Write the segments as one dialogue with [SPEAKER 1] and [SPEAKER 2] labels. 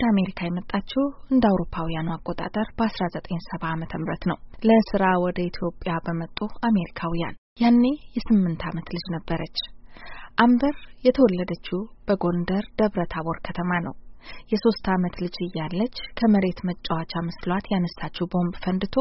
[SPEAKER 1] ወደ አሜሪካ የመጣችው እንደ አውሮፓውያኑ አቆጣጠር በ1970 ዓ ም ነው ለስራ ወደ ኢትዮጵያ በመጡ አሜሪካውያን። ያኔ የስምንት ዓመት ልጅ ነበረች። አምበር የተወለደችው በጎንደር ደብረ ታቦር ከተማ ነው። የሶስት ዓመት ልጅ እያለች ከመሬት መጫወቻ መስሏት ያነሳችው ቦምብ ፈንድቶ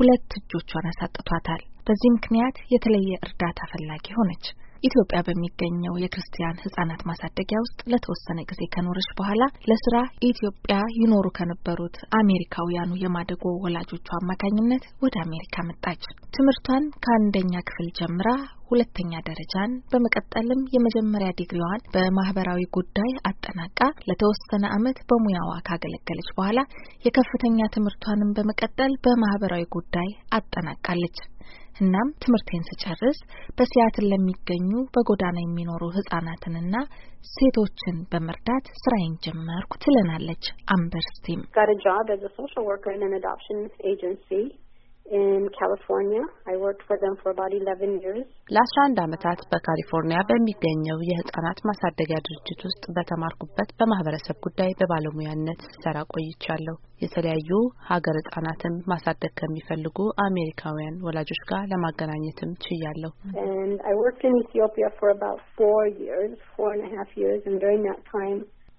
[SPEAKER 1] ሁለት እጆቿን አሳጥቷታል። በዚህ ምክንያት የተለየ እርዳታ ፈላጊ ሆነች። ኢትዮጵያ በሚገኘው የክርስቲያን ህጻናት ማሳደጊያ ውስጥ ለተወሰነ ጊዜ ከኖረች በኋላ ለስራ ኢትዮጵያ ይኖሩ ከነበሩት አሜሪካውያኑ የማደጎ ወላጆቿ አማካኝነት ወደ አሜሪካ መጣች። ትምህርቷን ከአንደኛ ክፍል ጀምራ ሁለተኛ ደረጃን በመቀጠልም የመጀመሪያ ዲግሪዋን በማህበራዊ ጉዳይ አጠናቃ ለተወሰነ ዓመት በሙያዋ ካገለገለች በኋላ የከፍተኛ ትምህርቷንም በመቀጠል በማህበራዊ ጉዳይ አጠናቃለች። እናም ትምህርቴን ስጨርስ በሲያትል ለሚገኙ በጎዳና የሚኖሩ ህጻናትንና ሴቶችን በመርዳት ስራዬን ጀመርኩ ትለናለች አምበር ስቲም
[SPEAKER 2] in California. I worked for them for about 11 years.
[SPEAKER 3] ለ11 ዓመታት በካሊፎርኒያ በሚገኘው የህፃናት ማሳደጊያ ድርጅት ውስጥ በተማርኩበት በማህበረሰብ ጉዳይ በባለሙያነት ስሰራ ቆይቻለሁ። የተለያዩ ሀገር ህጻናትን ማሳደግ ከሚፈልጉ አሜሪካውያን ወላጆች ጋር ለማገናኘትም ችያለሁ።
[SPEAKER 2] And I worked in Ethiopia for about four years, four and a half years, and during that time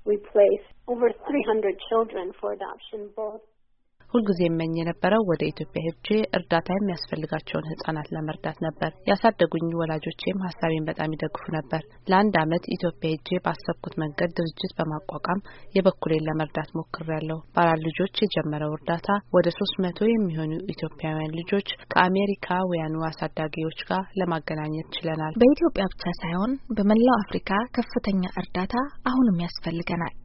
[SPEAKER 2] we placed over 300 children for adoption both
[SPEAKER 3] ሁልጊዜ መኝ የነበረው ወደ ኢትዮጵያ ሄጄ እርዳታ የሚያስፈልጋቸውን ህጻናት ለመርዳት ነበር። ያሳደጉኝ ወላጆቼም ሀሳቤን በጣም ይደግፉ ነበር። ለአንድ አመት ኢትዮጵያ ሄጄ ባሰብኩት መንገድ ድርጅት በማቋቋም የበኩሌን ለመርዳት ሞክሬያለሁ። ባላል ልጆች የጀመረው እርዳታ ወደ ሶስት መቶ የሚሆኑ ኢትዮጵያውያን ልጆች ከአሜሪካውያኑ አሳዳጊዎች ጋር ለማገናኘት
[SPEAKER 1] ችለናል። በኢትዮጵያ ብቻ ሳይሆን በመላው አፍሪካ ከፍተኛ እርዳታ አሁንም ያስፈልገናል።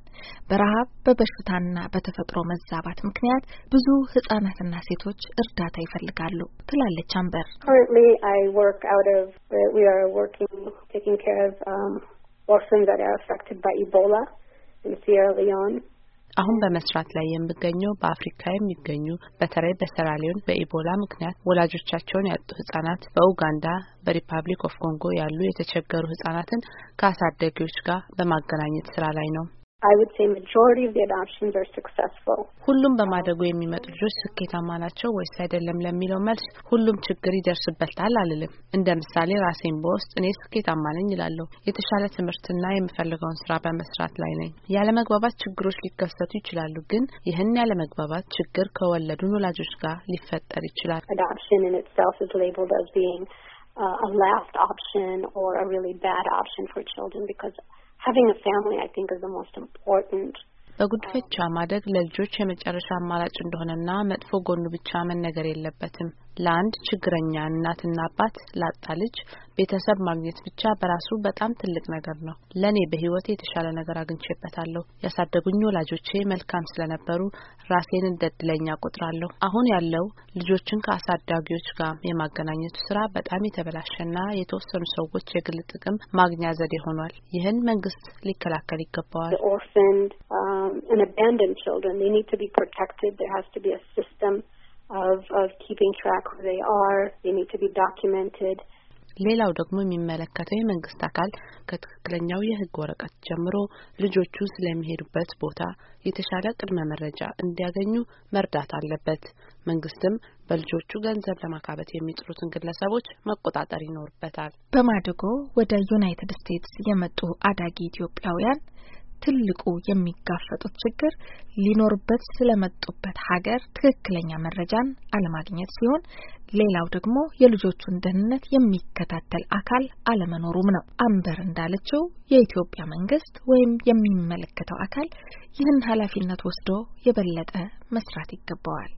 [SPEAKER 1] በረሃብ በበሽታና በተፈጥሮ መዛባት ምክንያት ብዙ ህጻናትና ሴቶች እርዳታ ይፈልጋሉ ትላለች አንበር።
[SPEAKER 2] uh, um,
[SPEAKER 3] አሁን በመስራት ላይ የምገኘው በአፍሪካ የሚገኙ በተለይ በሰራሊዮን በኢቦላ ምክንያት ወላጆቻቸውን ያጡ ህጻናት፣ በኡጋንዳ በሪፐብሊክ ኦፍ ኮንጎ ያሉ የተቸገሩ ህጻናትን ከአሳደጊዎች ጋር በማገናኘት ስራ ላይ ነው። ሁሉም በማደጎ የሚመጡ ልጆች ስኬታማ ናቸው ወይስ አይደለም ለሚለው መልስ ሁሉም ችግር ይደርስበታል አልልም። እንደ ምሳሌ ራሴን በውስጥ እኔ ስኬታማ ነኝ እላለሁ። የተሻለ ትምህርትና የምፈልገውን ስራ በመስራት ላይ ነኝ። ያለመግባባት ችግሮች ሊከሰቱ ይችላሉ፣ ግን ይህን ያለመግባባት ችግር ከወለዱን ወላጆች ጋር ሊፈጠር ይችላል።
[SPEAKER 2] uh, a last option or a really bad option for children because having a family, I think, is the most important
[SPEAKER 3] በጉድፈቻ um, ማደግ ለልጆች የመጨረሻ አማራጭ እንደሆነና መጥፎ ጎኑ ብቻ መነገር የለበትም። ለአንድ ችግረኛ እናትና አባት ላጣ ልጅ ቤተሰብ ማግኘት ብቻ በራሱ በጣም ትልቅ ነገር ነው። ለእኔ በህይወት የተሻለ ነገር አግኝቼበታለሁ። ያሳደጉኝ ወላጆቼ መልካም ስለነበሩ ራሴን እንደ እድለኛ ቆጥራለሁ። አሁን ያለው ልጆችን ከአሳዳጊዎች ጋር የማገናኘቱ ስራ በጣም የተበላሸና የተወሰኑ ሰዎች የግል ጥቅም ማግኛ ዘዴ ሆኗል። ይህን መንግስት ሊከላከል ይገባዋል።
[SPEAKER 2] of, of keeping track where they are. They need to be documented.
[SPEAKER 3] ሌላው ደግሞ የሚመለከተው የመንግስት አካል ከትክክለኛው የህግ ወረቀት ጀምሮ ልጆቹ ስለሚሄዱበት ቦታ የተሻለ ቅድመ መረጃ እንዲያገኙ መርዳት አለበት። መንግስትም በልጆቹ ገንዘብ ለማካበት የሚጥሩትን ግለሰቦች መቆጣጠር ይኖርበታል።
[SPEAKER 1] በማደጎ ወደ ዩናይትድ ስቴትስ የመጡ አዳጊ ኢትዮጵያውያን ትልቁ የሚጋፈጡት ችግር ሊኖርበት ስለመጡበት ሀገር ትክክለኛ መረጃን አለማግኘት ሲሆን ሌላው ደግሞ የልጆቹን ደህንነት የሚከታተል አካል አለመኖሩም ነው። አንበር እንዳለችው የኢትዮጵያ መንግስት ወይም የሚመለከተው አካል ይህን ኃላፊነት ወስዶ የበለጠ መስራት ይገባዋል።